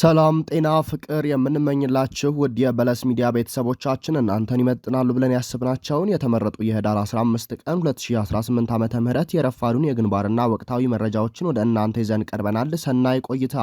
ሰላም ጤና ፍቅር የምንመኝላችሁ ውድ የበለስ ሚዲያ ቤተሰቦቻችን እናንተን ይመጥናሉ ብለን ያስብናቸውን የተመረጡ የህዳር 15 ቀን 2018 ዓ ም የረፋዱን የግንባርና ወቅታዊ መረጃዎችን ወደ እናንተ ይዘን ቀርበናል። ሰናይ ቆይታ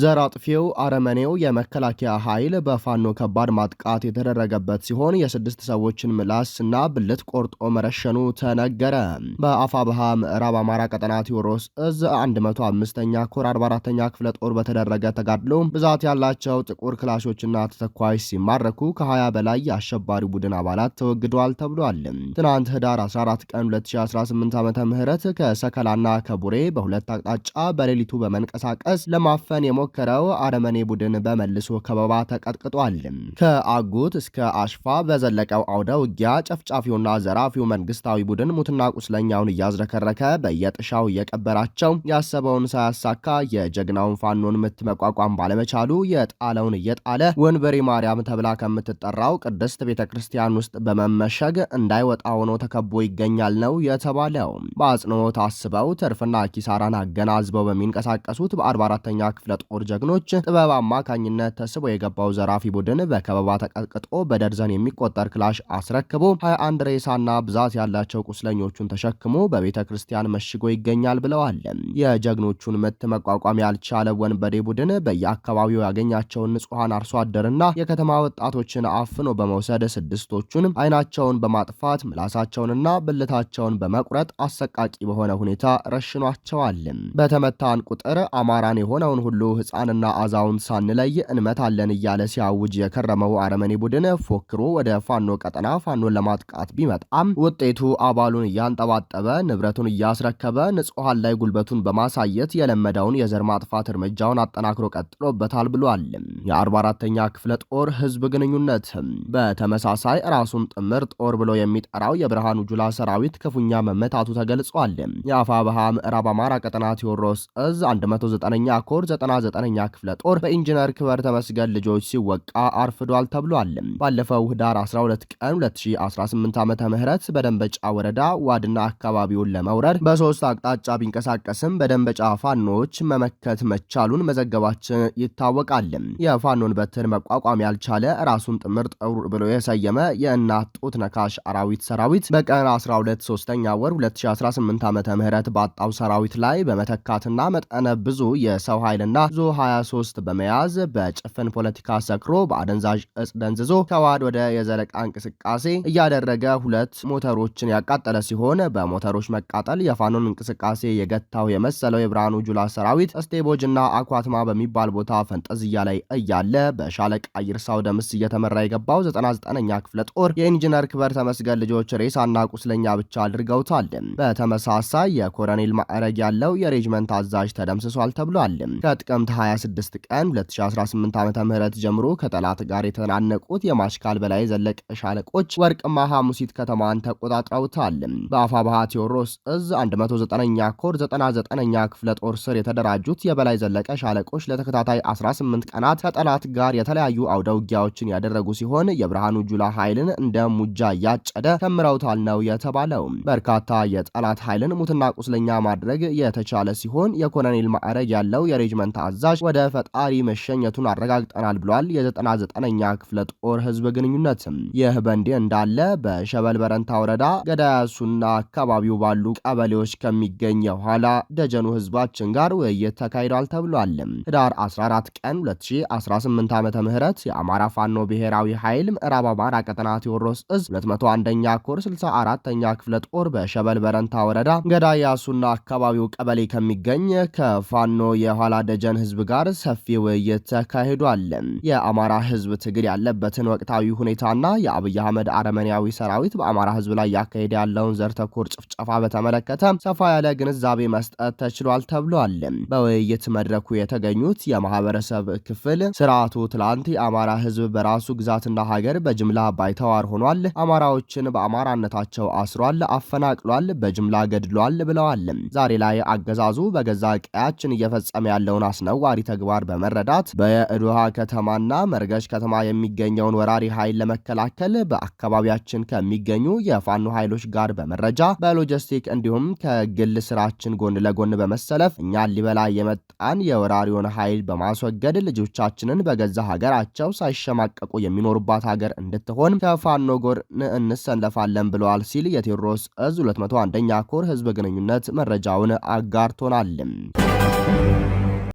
ዘር አጥፊው አረመኔው የመከላከያ ኃይል በፋኖ ከባድ ማጥቃት የተደረገበት ሲሆን የስድስት ሰዎችን ምላስ እና ብልት ቆርጦ መረሸኑ ተነገረ። በአፋብሃ ምዕራብ አማራ ቀጠና ቴዎድሮስ እዝ 105ኛ ኮር 44ኛ ክፍለ ጦር በተደረገ ተጋድሎ ብዛት ያላቸው ጥቁር ክላሾችና ተተኳሽ ሲማረኩ ከ20 በላይ የአሸባሪ ቡድን አባላት ተወግደዋል ተብሏል። ትናንት ህዳር 14 ቀን 2018 ዓ ም ከሰከላና ከቡሬ በሁለት አቅጣጫ በሌሊቱ በመንቀሳቀስ ለማፈን የሞከረው አረመኔ ቡድን በመልሶ ከበባ ተቀጥቅጧል። ከአጉት እስከ አሽፋ በዘለቀው አውደ ውጊያ ጨፍጫፊውና ዘራፊው መንግስታዊ ቡድን ሙትና ቁስለኛውን እያዝረከረከ በየጥሻው እየቀበራቸው ያሰበውን ሳያሳካ የጀግናውን ፋኖን ምት መቋቋም ባለመቻሉ የጣለውን እየጣለ ወንበሬ ማርያም ተብላ ከምትጠራው ቅድስት ቤተ ክርስቲያን ውስጥ በመመሸግ እንዳይወጣ ሆኖ ተከቦ ይገኛል ነው የተባለው። በአጽንኦት አስበው ትርፍና ኪሳራን አገናዝበው በሚንቀሳቀሱት በ44ኛ ክፍለ የጦር ጀግኖች ጥበብ አማካኝነት ተስቦ የገባው ዘራፊ ቡድን በከበባ ተቀጥቅጦ በደርዘን የሚቆጠር ክላሽ አስረክቦ 21 ሬሳና ብዛት ያላቸው ቁስለኞቹን ተሸክሞ በቤተ ክርስቲያን መሽጎ ይገኛል ብለዋል። የጀግኖቹን ምት መቋቋም ያልቻለ ወንበዴ ቡድን በየአካባቢው ያገኛቸውን ንጹሐን አርሶ አደርና የከተማ ወጣቶችን አፍኖ በመውሰድ ስድስቶቹን አይናቸውን በማጥፋት ምላሳቸውንና ብልታቸውን በመቁረጥ አሰቃቂ በሆነ ሁኔታ ረሽኗቸዋል። በተመታን ቁጥር አማራን የሆነውን ሁሉ ህፃንና አዛውንት ሳንለይ እንመታለን እያለ ሲያውጅ የከረመው አረመኔ ቡድን ፎክሮ ወደ ፋኖ ቀጠና ፋኖን ለማጥቃት ቢመጣም ውጤቱ አባሉን እያንጠባጠበ ንብረቱን እያስረከበ ንጹሐን ላይ ጉልበቱን በማሳየት የለመደውን የዘር ማጥፋት እርምጃውን አጠናክሮ ቀጥሎበታል ብሏል። የ44ተኛ ክፍለ ጦር ህዝብ ግንኙነት በተመሳሳይ ራሱን ጥምር ጦር ብሎ የሚጠራው የብርሃኑ ጁላ ሰራዊት ክፉኛ መመታቱ ተገልጿል። የአፋ ባሃ ምዕራብ አማራ ቀጠና ቴዎድሮስ እዝ 109ኛ ኮር 99 ዘጠነኛ ክፍለ ጦር በኢንጂነር ክበር ተመስገን ልጆች ሲወቃ አርፍዷል ተብሏል። ባለፈው ህዳር 12 ቀን 2018 ዓ ም በደንበጫ ወረዳ ዋድና አካባቢውን ለመውረድ በሶስት አቅጣጫ ቢንቀሳቀስም በደንበጫ ፋኖች መመከት መቻሉን መዘገባችን ይታወቃል። የፋኖን በትር መቋቋም ያልቻለ ራሱን ጥምር ጦር ብሎ የሰየመ የእናት ጡት ነካሽ አራዊት ሰራዊት በቀን 12 ሶስተኛ ወር 2018 ዓ ም ባጣው ሰራዊት ላይ በመተካትና መጠነ ብዙ የሰው ኃይልና ዙ 23 በመያዝ በጭፍን ፖለቲካ ሰክሮ በአደንዛዥ እጽ ደንዝዞ ተዋድ ወደ የዘለቃ እንቅስቃሴ እያደረገ ሁለት ሞተሮችን ያቃጠለ ሲሆን በሞተሮች መቃጠል የፋኖን እንቅስቃሴ የገታው የመሰለው የብርሃኑ ጁላ ሰራዊት እስቴቦጅ እና አኳትማ በሚባል ቦታ ፈንጠዝያ ላይ እያለ በሻለቃ ይርሳው ደምስ እየተመራ የገባው 99ኛ ክፍለ ጦር የኢንጂነር ክበር ተመስገን ልጆች ሬሳና ቁስለኛ ብቻ አድርገውታል። በተመሳሳይ የኮረኔል ማዕረግ ያለው የሬጅመንት አዛዥ ተደምስሷል ተብሏል። ከጥቅምት ጥቅምት 26 ቀን 2018 ዓ ም ጀምሮ ከጠላት ጋር የተናነቁት የማሽካል በላይ ዘለቀ ሻለቆች ወርቅማ ሐሙሲት ከተማን ተቆጣጥረውታል። በአፋ ባህ ቴዎድሮስ እዝ 109ኛ ኮር 99ኛ ክፍለ ጦር ስር የተደራጁት የበላይ ዘለቀ ሻለቆች ለተከታታይ 18 ቀናት ከጠላት ጋር የተለያዩ አውደ ውጊያዎችን ያደረጉ ሲሆን የብርሃኑ ጁላ ኃይልን እንደ ሙጃ እያጨደ ተምረውታል ነው የተባለው። በርካታ የጠላት ኃይልን ሙትና ቁስለኛ ማድረግ የተቻለ ሲሆን የኮሎኔል ማዕረግ ያለው የሬጅመንት አዛዥ ወደ ፈጣሪ መሸኘቱን አረጋግጠናል ብሏል። የ99ኛ ክፍለ ጦር ህዝብ ግንኙነት ይህ በእንዲህ እንዳለ በሸበል በረንታ ወረዳ ገዳያሱና አካባቢው ባሉ ቀበሌዎች ከሚገኝ የኋላ ደጀኑ ህዝባችን ጋር ውይይት ተካሂዷል ተብሏል። ህዳር 14 ቀን 2018 ዓ ም የአማራ ፋኖ ብሔራዊ ኃይል ምዕራብ አማራ ቀጠና ቴዎድሮስ እዝ 201ኛ ኮር 64ኛ ክፍለ ጦር በሸበል በረንታ ወረዳ ገዳያሱና አካባቢው ቀበሌ ከሚገኝ ከፋኖ የኋላ ደጀን ህዝብ ጋር ሰፊ ውይይት ተካሂዷል። የአማራ ህዝብ ትግል ያለበትን ወቅታዊ ሁኔታና የአብይ አህመድ አረመኔያዊ ሰራዊት በአማራ ህዝብ ላይ ያካሄደ ያለውን ዘር ተኮር ጭፍጨፋ በተመለከተ ሰፋ ያለ ግንዛቤ መስጠት ተችሏል ተብሏል። በውይይት መድረኩ የተገኙት የማህበረሰብ ክፍል ስርዓቱ ትላንት የአማራ ህዝብ በራሱ ግዛትና ሀገር በጅምላ ባይተዋር ሆኗል፣ አማራዎችን በአማራነታቸው አስሯል፣ አፈናቅሏል፣ በጅምላ ገድሏል ብለዋል። ዛሬ ላይ አገዛዙ በገዛ ቀያችን እየፈጸመ ያለውን አስነ አስነዋሪ ተግባር በመረዳት በእዶሃ ከተማና መርገሽ ከተማ የሚገኘውን ወራሪ ኃይል ለመከላከል በአካባቢያችን ከሚገኙ የፋኖ ኃይሎች ጋር በመረጃ በሎጂስቲክ እንዲሁም ከግል ስራችን ጎን ለጎን በመሰለፍ እኛን ሊበላ የመጣን የወራሪውን ኃይል በማስወገድ ልጆቻችንን በገዛ ሀገራቸው ሳይሸማቀቁ የሚኖሩባት ሀገር እንድትሆን ከፋኖ ጎን እንሰለፋለን ብለዋል ሲል የቴዎድሮስ እዝ 201ኛ ኮር ህዝብ ግንኙነት መረጃውን አጋርቶናል።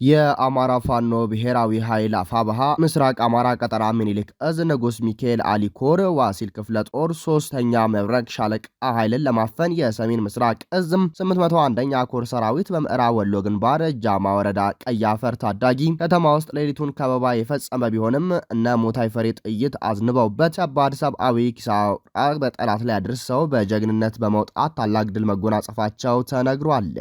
የአማራ ፋኖ ብሔራዊ ኃይል አፋብሃ ምስራቅ አማራ ቀጠራ ምኒልክ እዝ ንጉስ ሚካኤል አሊኮር ዋሲል ክፍለ ጦር ሶስተኛ መብረቅ ሻለቃ ኃይልን ለማፈን የሰሜን ምስራቅ እዝም 801ኛ ኮር ሰራዊት በምዕራብ ወሎ ግንባር ጃማ ወረዳ ቀያፈር ታዳጊ ከተማ ውስጥ ሌሊቱን ከበባ የፈጸመ ቢሆንም እነ ሞታይ ፈሬ ጥይት አዝንበውበት ከባድ ሰብአዊ ኪሳራ በጠላት ላይ አድርሰው በጀግንነት በመውጣት ታላቅ ድል መጎናጸፋቸው ተነግሯል።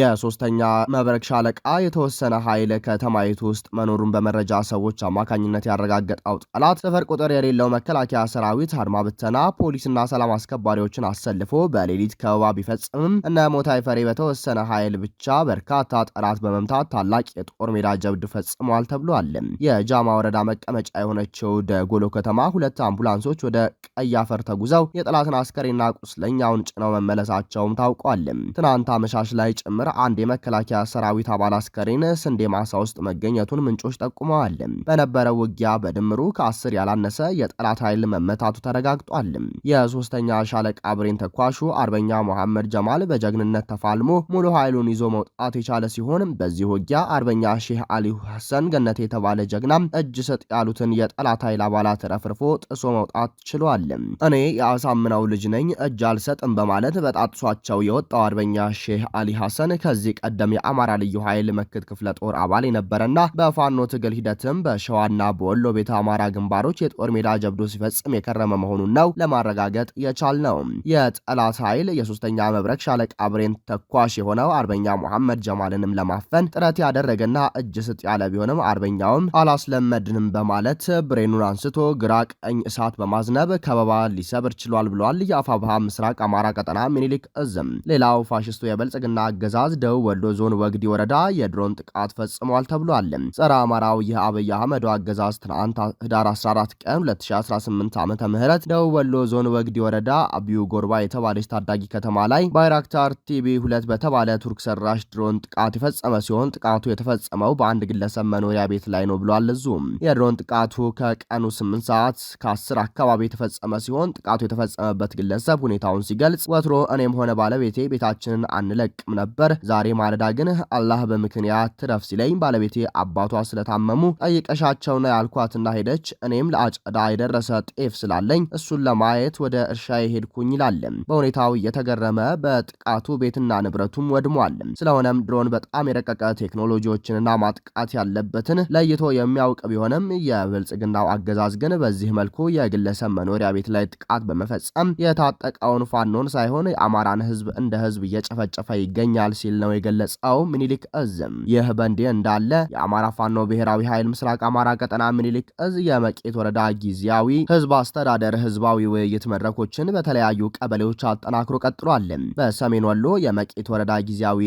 የሶስተኛ መብረቅ ሻለቃ የተወሰነ ኃይል ከተማይቱ ውስጥ መኖሩን በመረጃ ሰዎች አማካኝነት ያረጋገጠው ጠላት ሰፈር ቁጥር የሌለው መከላከያ ሰራዊት፣ አድማ ብተና፣ ፖሊስና ሰላም አስከባሪዎችን አሰልፎ በሌሊት ከበባ ቢፈጽምም እነ ሞታይ ፈሬ በተወሰነ ኃይል ብቻ በርካታ ጠላት በመምታት ታላቅ የጦር ሜዳ ጀብድ ፈጽሟል ተብሏል። የጃማ ወረዳ መቀመጫ የሆነችው ደጎሎ ከተማ ሁለት አምቡላንሶች ወደ ቀይ አፈር ተጉዘው የጠላትን አስከሬና ቁስለኛውን ጭነው መመለሳቸውም ታውቋል። ትናንት አመሻሽ ላይ ጭምር አንድ የመከላከያ ሰራዊት አባል አስከሬን ስንዴ ማሳ ውስጥ መገኘቱን ምንጮች ጠቁመዋል። በነበረው ውጊያ በድምሩ ከአስር ያላነሰ የጠላት ኃይል መመታቱ ተረጋግጧል። የሶስተኛ ሻለቃ ብሬን ተኳሹ አርበኛ መሐመድ ጀማል በጀግንነት ተፋልሞ ሙሉ ኃይሉን ይዞ መውጣት የቻለ ሲሆን በዚህ ውጊያ አርበኛ ሼህ አሊ ሐሰን ገነት የተባለ ጀግና እጅ ስጥ ያሉትን የጠላት ኃይል አባላት ረፍርፎ ጥሶ መውጣት ችሏል። እኔ የአሳምናው ልጅ ነኝ እጅ አልሰጥም በማለት በጣጥሷቸው የወጣው አርበኛ ሼህ አሊ ሐሰን ከዚህ ቀደም የአማራ ልዩ ኃይል መክት ክፍለ ጦር አባል የነበረና በፋኖ ትግል ሂደትም በሸዋና በወሎ ቤተ አማራ ግንባሮች የጦር ሜዳ ጀብዶ ሲፈጽም የከረመ መሆኑን ነው ለማረጋገጥ የቻል ነው። የጠላት ኃይል የሶስተኛ መብረክ ሻለቃ ብሬን ተኳሽ የሆነው አርበኛ መሐመድ ጀማልንም ለማፈን ጥረት ያደረገና እጅ ስጥ ያለ ቢሆንም አርበኛውም አላስለመድንም በማለት ብሬኑን አንስቶ ግራ ቀኝ እሳት በማዝነብ ከበባ ሊሰብር ችሏል ብሏል። የአፋብሃ ምስራቅ አማራ ቀጠና ሚኒሊክ እዝም ሌላው ፋሽስቱ የበልጽግና አገዛዝ ደቡብ ወሎ ዞን ወግዲ ወረዳ የድሮን ጥቃት ጥቃት ፈጽመዋል ተብሏል። ጸረ አማራው ይህ አብይ አህመዱ አገዛዝ ትናንት ህዳር 14 ቀን 2018 ዓ ም ደቡብ ወሎ ዞን ወግዲ ወረዳ አብዩ ጎርባ የተባለች ታዳጊ ከተማ ላይ ባይራክታር ቲቪ ሁለት በተባለ ቱርክ ሰራሽ ድሮን ጥቃት የፈጸመ ሲሆን ጥቃቱ የተፈጸመው በአንድ ግለሰብ መኖሪያ ቤት ላይ ነው ብሏል። እዙ የድሮን ጥቃቱ ከቀኑ 8 ሰዓት ከ10 አካባቢ የተፈጸመ ሲሆን ጥቃቱ የተፈጸመበት ግለሰብ ሁኔታውን ሲገልጽ ወትሮ እኔም ሆነ ባለቤቴ ቤታችንን አንለቅም ነበር። ዛሬ ማለዳ ግን አላህ በምክንያት ትረፍ አትለፍለፍ ሲለኝ ባለቤቴ አባቷ ስለታመሙ ጠይቀሻቸው ነው ያልኳትና ሄደች። እኔም ለአጨዳ የደረሰ ጤፍ ስላለኝ እሱን ለማየት ወደ እርሻ የሄድኩኝ ይላል። በሁኔታው እየተገረመ በጥቃቱ ቤትና ንብረቱም ወድሟል። ስለሆነም ድሮን በጣም የረቀቀ ቴክኖሎጂዎችንና ማጥቃት ያለበትን ለይቶ የሚያውቅ ቢሆንም የብልጽግናው አገዛዝ ግን በዚህ መልኩ የግለሰብ መኖሪያ ቤት ላይ ጥቃት በመፈጸም የታጠቀውን ፋኖን ሳይሆን የአማራን ህዝብ እንደ ህዝብ እየጨፈጨፈ ይገኛል ሲል ነው የገለጸው። ሚኒሊክ እዝም ይህ በ በእንዲህ እንዳለ የአማራ ፋኖ ብሔራዊ ኃይል ምስራቅ አማራ ቀጠና ምኒልክ እዝ የመቄት ወረዳ ጊዜያዊ ህዝብ አስተዳደር ህዝባዊ ውይይት መድረኮችን በተለያዩ ቀበሌዎች አጠናክሮ ቀጥሏል። በሰሜን ወሎ የመቄት ወረዳ ጊዜያዊ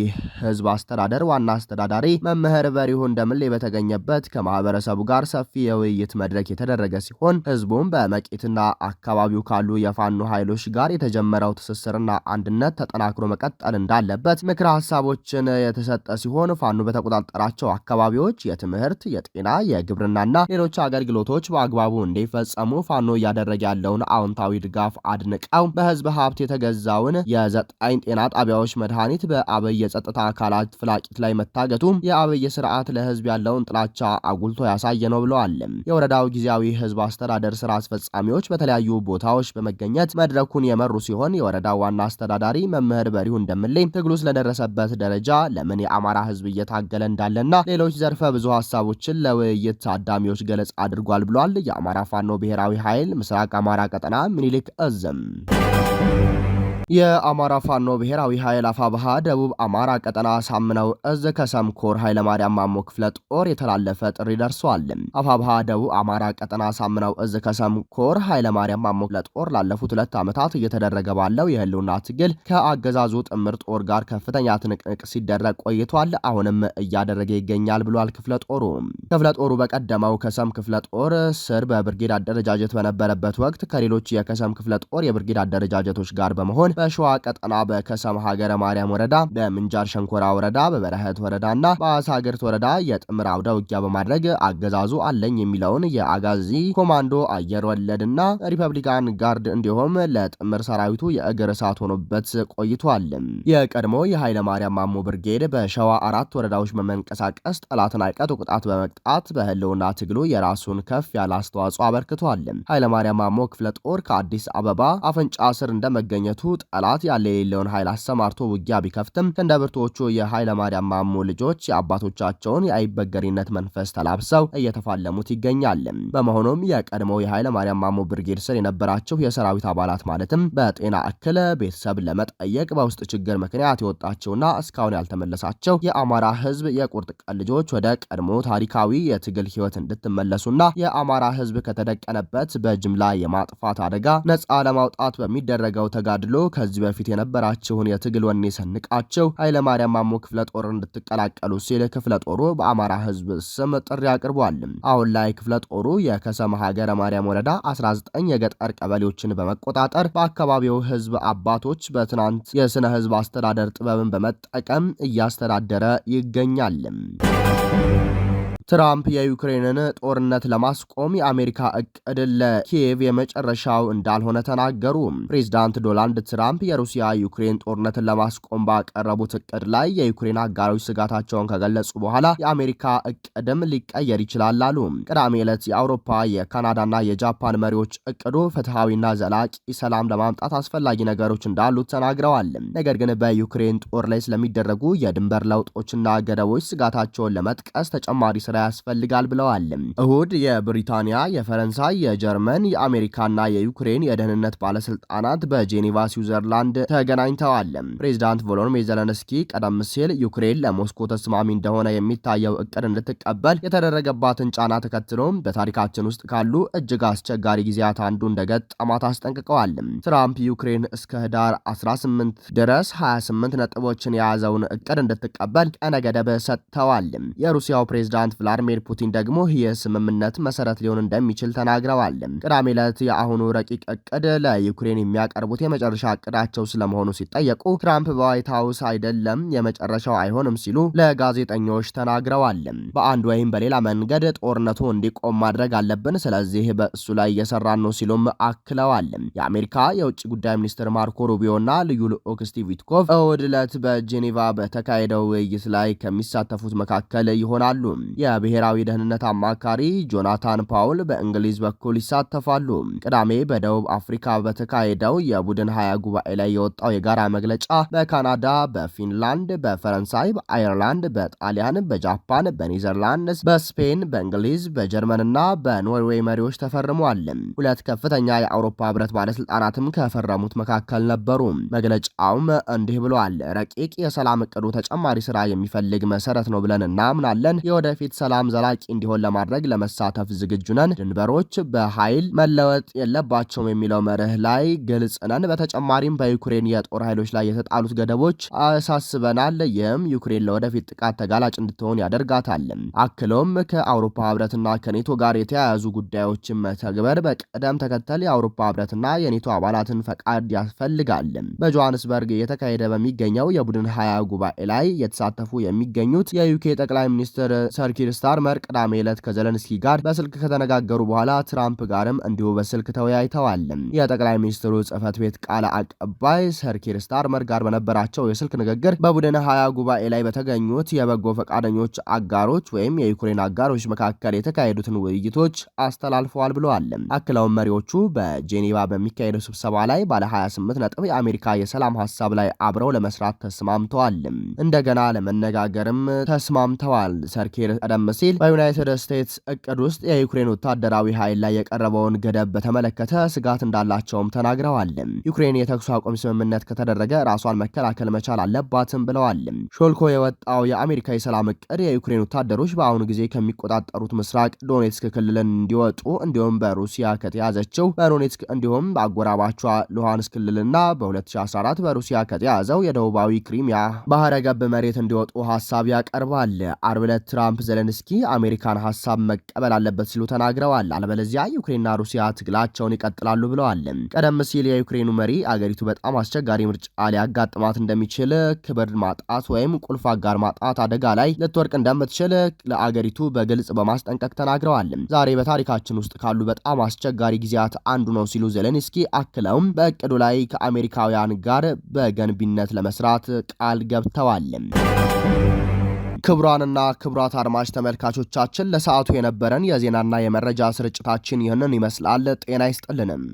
ህዝብ አስተዳደር ዋና አስተዳዳሪ መምህር በሪሁን ደምሌ በተገኘበት ከማህበረሰቡ ጋር ሰፊ የውይይት መድረክ የተደረገ ሲሆን ህዝቡም በመቄትና አካባቢው ካሉ የፋኖ ኃይሎች ጋር የተጀመረው ትስስርና አንድነት ተጠናክሮ መቀጠል እንዳለበት ምክረ ሀሳቦችን የተሰጠ ሲሆን ፋኖ በተቆጣጠ በፈጠራቸው አካባቢዎች የትምህርት፣ የጤና፣ የግብርናና ሌሎች አገልግሎቶች በአግባቡ እንዲፈጸሙ ፋኖ እያደረገ ያለውን አዎንታዊ ድጋፍ አድንቀው በህዝብ ሀብት የተገዛውን የዘጠኝ ጤና ጣቢያዎች መድኃኒት በአብይ የጸጥታ አካላት ፍላቂት ላይ መታገቱ የአብይ ስርዓት ለህዝብ ያለውን ጥላቻ አጉልቶ ያሳየ ነው ብለዋል። የወረዳው ጊዜያዊ ህዝብ አስተዳደር ስራ አስፈጻሚዎች በተለያዩ ቦታዎች በመገኘት መድረኩን የመሩ ሲሆን የወረዳው ዋና አስተዳዳሪ መምህር በሪሁ እንደምሌ ትግሉ ስለደረሰበት ደረጃ ለምን የአማራ ህዝብ እየታገለ እንዳ እንዳለና ሌሎች ዘርፈ ብዙ ሀሳቦችን ለውይይት ታዳሚዎች ገለጻ አድርጓል ብሏል። የአማራ ፋኖ ብሔራዊ ኃይል ምስራቅ አማራ ቀጠና ምኒልክ እዝም የአማራ ፋኖ ብሔራዊ ኃይል አፋብሃ ደቡብ አማራ ቀጠና ሳምነው እዝ ከሰምኮር ኃይለማርያም ማሞ ክፍለ ጦር የተላለፈ ጥሪ ደርሷል። አፋብሃ ደቡብ አማራ ቀጠና ሳምነው እዝ ከሰምኮር ኃይለማርያም ማሞ ክፍለ ጦር ላለፉት ሁለት ዓመታት እየተደረገ ባለው የህልውና ትግል ከአገዛዙ ጥምር ጦር ጋር ከፍተኛ ትንቅንቅ ሲደረግ ቆይቷል። አሁንም እያደረገ ይገኛል ብሏል ክፍለ ጦሩ። ክፍለ ጦሩ በቀደመው ከሰም ክፍለ ጦር ስር በብርጌድ አደረጃጀት በነበረበት ወቅት ከሌሎች የከሰም ክፍለ ጦር የብርጌድ አደረጃጀቶች ጋር በመሆን በሸዋ ቀጠና በከሰም ሀገረ ማርያም ወረዳ፣ በምንጃር ሸንኮራ ወረዳ፣ በበረሀት ወረዳና በአሳግርት ወረዳ የጥምር አውደ ውጊያ በማድረግ አገዛዙ አለኝ የሚለውን የአጋዚ ኮማንዶ አየር ወለድና ሪፐብሊካን ጋርድ እንዲሁም ለጥምር ሰራዊቱ የእግር እሳት ሆኖበት ቆይቷል። የቀድሞ የኃይለ ማርያም ማሞ ብርጌድ በሸዋ አራት ወረዳዎች በመንቀሳቀስ ጠላትን አይቀጡ ቅጣት በመቅጣት በህልውና ትግሉ የራሱን ከፍ ያለ አስተዋጽኦ አበርክቷል። ኃይለ ማርያም ማሞ ክፍለ ጦር ከአዲስ አበባ አፈንጫ ስር እንደመገኘቱ ጠላት ያለ የሌለውን ኃይል አሰማርቶ ውጊያ ቢከፍትም እንደብርቶቹ ብርቶቹ ማርያም ማሞ ልጆች የአባቶቻቸውን የአይበገሪነት መንፈስ ተላብሰው እየተፋለሙት ይገኛል። በመሆኑም የቀድሞው ማርያም ማሞ ብርጌድ ስር የነበራቸው የሰራዊት አባላት ማለትም በጤና እክል ቤተሰብ ለመጠየቅ በውስጥ ችግር ምክንያት የወጣቸውና እስካሁን ያልተመለሳቸው የአማራ ህዝብ የቁርጥ ቀን ልጆች ወደ ቀድሞ ታሪካዊ የትግል ህይወት እንድትመለሱና የአማራ ህዝብ ከተደቀነበት በጅምላ የማጥፋት አደጋ ነጻ ለማውጣት በሚደረገው ተጋድሎ ከዚህ በፊት የነበራቸውን የትግል ወኔ ሰንቃቸው ኃይለማርያም ማሞ ክፍለ ጦር እንድትቀላቀሉ ሲል ክፍለ ጦሩ በአማራ ህዝብ ስም ጥሪ አቅርቧል። አሁን ላይ ክፍለ ጦሩ የከሰመ ሀገረ ማርያም ወረዳ 19 የገጠር ቀበሌዎችን በመቆጣጠር በአካባቢው ህዝብ አባቶች በትናንት የስነ ህዝብ አስተዳደር ጥበብን በመጠቀም እያስተዳደረ ይገኛል። ትራምፕ የዩክሬንን ጦርነት ለማስቆም የአሜሪካ እቅድ ለኪየቭ የመጨረሻው እንዳልሆነ ተናገሩ። ፕሬዚዳንት ዶናልድ ትራምፕ የሩሲያ ዩክሬን ጦርነትን ለማስቆም ባቀረቡት እቅድ ላይ የዩክሬን አጋሮች ስጋታቸውን ከገለጹ በኋላ የአሜሪካ እቅድም ሊቀየር ይችላል አሉ። ቅዳሜ ዕለት የአውሮፓ የካናዳና የጃፓን መሪዎች እቅዱ ፍትሐዊና ዘላቂ ሰላም ለማምጣት አስፈላጊ ነገሮች እንዳሉት ተናግረዋል። ነገር ግን በዩክሬን ጦር ላይ ስለሚደረጉ የድንበር ለውጦችና ገደቦች ስጋታቸውን ለመጥቀስ ተጨማሪ መዋቅር ያስፈልጋል ብለዋል። እሁድ የብሪታንያ፣ የፈረንሳይ፣ የጀርመን፣ የአሜሪካና የዩክሬን የደህንነት ባለስልጣናት በጄኔቫ ስዊዘርላንድ ተገናኝተዋል። ፕሬዚዳንት ቮሎድሚር ዘለንስኪ ቀደም ሲል ዩክሬን ለሞስኮ ተስማሚ እንደሆነ የሚታየው እቅድ እንድትቀበል የተደረገባትን ጫና ተከትሎም በታሪካችን ውስጥ ካሉ እጅግ አስቸጋሪ ጊዜያት አንዱ እንደገጠማት አስጠንቅቀዋል። ትራምፕ ዩክሬን እስከ ህዳር 18 ድረስ 28 ነጥቦችን የያዘውን እቅድ እንድትቀበል ቀነ ገደብ ሰጥተዋል። የሩሲያው ፕሬዚዳንት ቭላድሚር ፑቲን ደግሞ የስምምነት መሰረት ሊሆን እንደሚችል ተናግረዋል። ቅዳሜ ዕለት የአሁኑ ረቂቅ እቅድ ለዩክሬን የሚያቀርቡት የመጨረሻ እቅዳቸው ስለመሆኑ ሲጠየቁ ትራምፕ በዋይት ሀውስ አይደለም የመጨረሻው አይሆንም ሲሉ ለጋዜጠኞች ተናግረዋል። በአንድ ወይም በሌላ መንገድ ጦርነቱ እንዲቆም ማድረግ አለብን፣ ስለዚህ በእሱ ላይ እየሰራን ነው ሲሉም አክለዋል። የአሜሪካ የውጭ ጉዳይ ሚኒስትር ማርኮ ሩቢዮና ልዩ ልዑክ ስቲቭ ዊትኮቭ እሁድ ዕለት በጄኔቫ በተካሄደው ውይይት ላይ ከሚሳተፉት መካከል ይሆናሉ። የብሔራዊ ደህንነት አማካሪ ጆናታን ፓውል በእንግሊዝ በኩል ይሳተፋሉ። ቅዳሜ በደቡብ አፍሪካ በተካሄደው የቡድን ሀያ ጉባኤ ላይ የወጣው የጋራ መግለጫ በካናዳ፣ በፊንላንድ፣ በፈረንሳይ፣ በአየርላንድ፣ በጣሊያን፣ በጃፓን፣ በኔዘርላንድስ፣ በስፔን፣ በእንግሊዝ፣ በጀርመንና በኖርዌይ መሪዎች ተፈርሟል። ሁለት ከፍተኛ የአውሮፓ ህብረት ባለስልጣናትም ከፈረሙት መካከል ነበሩ። መግለጫውም እንዲህ ብለዋል። ረቂቅ የሰላም እቅዱ ተጨማሪ ስራ የሚፈልግ መሰረት ነው ብለን እናምናለን። የወደፊት ሰላም ዘላቂ እንዲሆን ለማድረግ ለመሳተፍ ዝግጁ ነን። ድንበሮች በኃይል መለወጥ የለባቸውም የሚለው መርህ ላይ ግልጽ ነን። በተጨማሪም በዩክሬን የጦር ኃይሎች ላይ የተጣሉት ገደቦች አሳስበናል። ይህም ዩክሬን ለወደፊት ጥቃት ተጋላጭ እንድትሆን ያደርጋታል። አክሎም ከአውሮፓ ህብረትና ከኔቶ ጋር የተያያዙ ጉዳዮችን መተግበር በቅደም ተከተል የአውሮፓ ህብረትና የኔቶ አባላትን ፈቃድ ያስፈልጋል። በጆሃንስበርግ እየተካሄደ በሚገኘው የቡድን ሀያ ጉባኤ ላይ የተሳተፉ የሚገኙት የዩኬ ጠቅላይ ሚኒስትር ሰርኪር ስታርመር ቅዳሜ ዕለት ከዘለንስኪ ጋር በስልክ ከተነጋገሩ በኋላ ትራምፕ ጋርም እንዲሁ በስልክ ተወያይተዋል። የጠቅላይ ሚኒስትሩ ጽህፈት ቤት ቃል አቀባይ ሰር ኪር ስታርመር ጋር በነበራቸው የስልክ ንግግር በቡድን ሀያ ጉባኤ ላይ በተገኙት የበጎ ፈቃደኞች አጋሮች ወይም የዩክሬን አጋሮች መካከል የተካሄዱትን ውይይቶች አስተላልፈዋል ብለዋል። አክለውም መሪዎቹ በጄኔቫ በሚካሄደው ስብሰባ ላይ ባለ 28 ነጥብ የአሜሪካ የሰላም ሀሳብ ላይ አብረው ለመስራት ተስማምተዋል። እንደገና ለመነጋገርም ተስማምተዋል። ሰርኬር ቀደም ቀደም ሲል በዩናይትድ ስቴትስ እቅድ ውስጥ የዩክሬን ወታደራዊ ኃይል ላይ የቀረበውን ገደብ በተመለከተ ስጋት እንዳላቸውም ተናግረዋል። ዩክሬን የተኩስ አቁም ስምምነት ከተደረገ ራሷን መከላከል መቻል አለባትም ብለዋል። ሾልኮ የወጣው የአሜሪካ የሰላም እቅድ የዩክሬን ወታደሮች በአሁኑ ጊዜ ከሚቆጣጠሩት ምስራቅ ዶኔትስክ ክልልን እንዲወጡ እንዲሁም በሩሲያ ከተያዘችው በዶኔትስክ እንዲሁም በአጎራባቿ ሉሃንስ ክልልና በ2014 በሩሲያ ከተያዘው የደቡባዊ ክሪሚያ ባህረ ገብ መሬት እንዲወጡ ሀሳብ ያቀርባል። አርብ ዕለት ትራምፕ ዘለ ዘለንስኪ አሜሪካን ሀሳብ መቀበል አለበት ሲሉ ተናግረዋል። አለበለዚያ ዩክሬንና ሩሲያ ትግላቸውን ይቀጥላሉ ብለዋል። ቀደም ሲል የዩክሬኑ መሪ አገሪቱ በጣም አስቸጋሪ ምርጫ ሊያጋጥማት እንደሚችል ክብር ማጣት ወይም ቁልፍ አጋር ማጣት አደጋ ላይ ልትወርቅ እንደምትችል ለአገሪቱ በግልጽ በማስጠንቀቅ ተናግረዋል። ዛሬ በታሪካችን ውስጥ ካሉ በጣም አስቸጋሪ ጊዜያት አንዱ ነው ሲሉ ዜሌንስኪ አክለውም በእቅዱ ላይ ከአሜሪካውያን ጋር በገንቢነት ለመስራት ቃል ገብተዋል። ክቡራንና ክቡራት አድማጭ ተመልካቾቻችን ለሰዓቱ የነበረን የዜናና የመረጃ ስርጭታችን ይህንን ይመስላል። ጤና ይስጥልንም።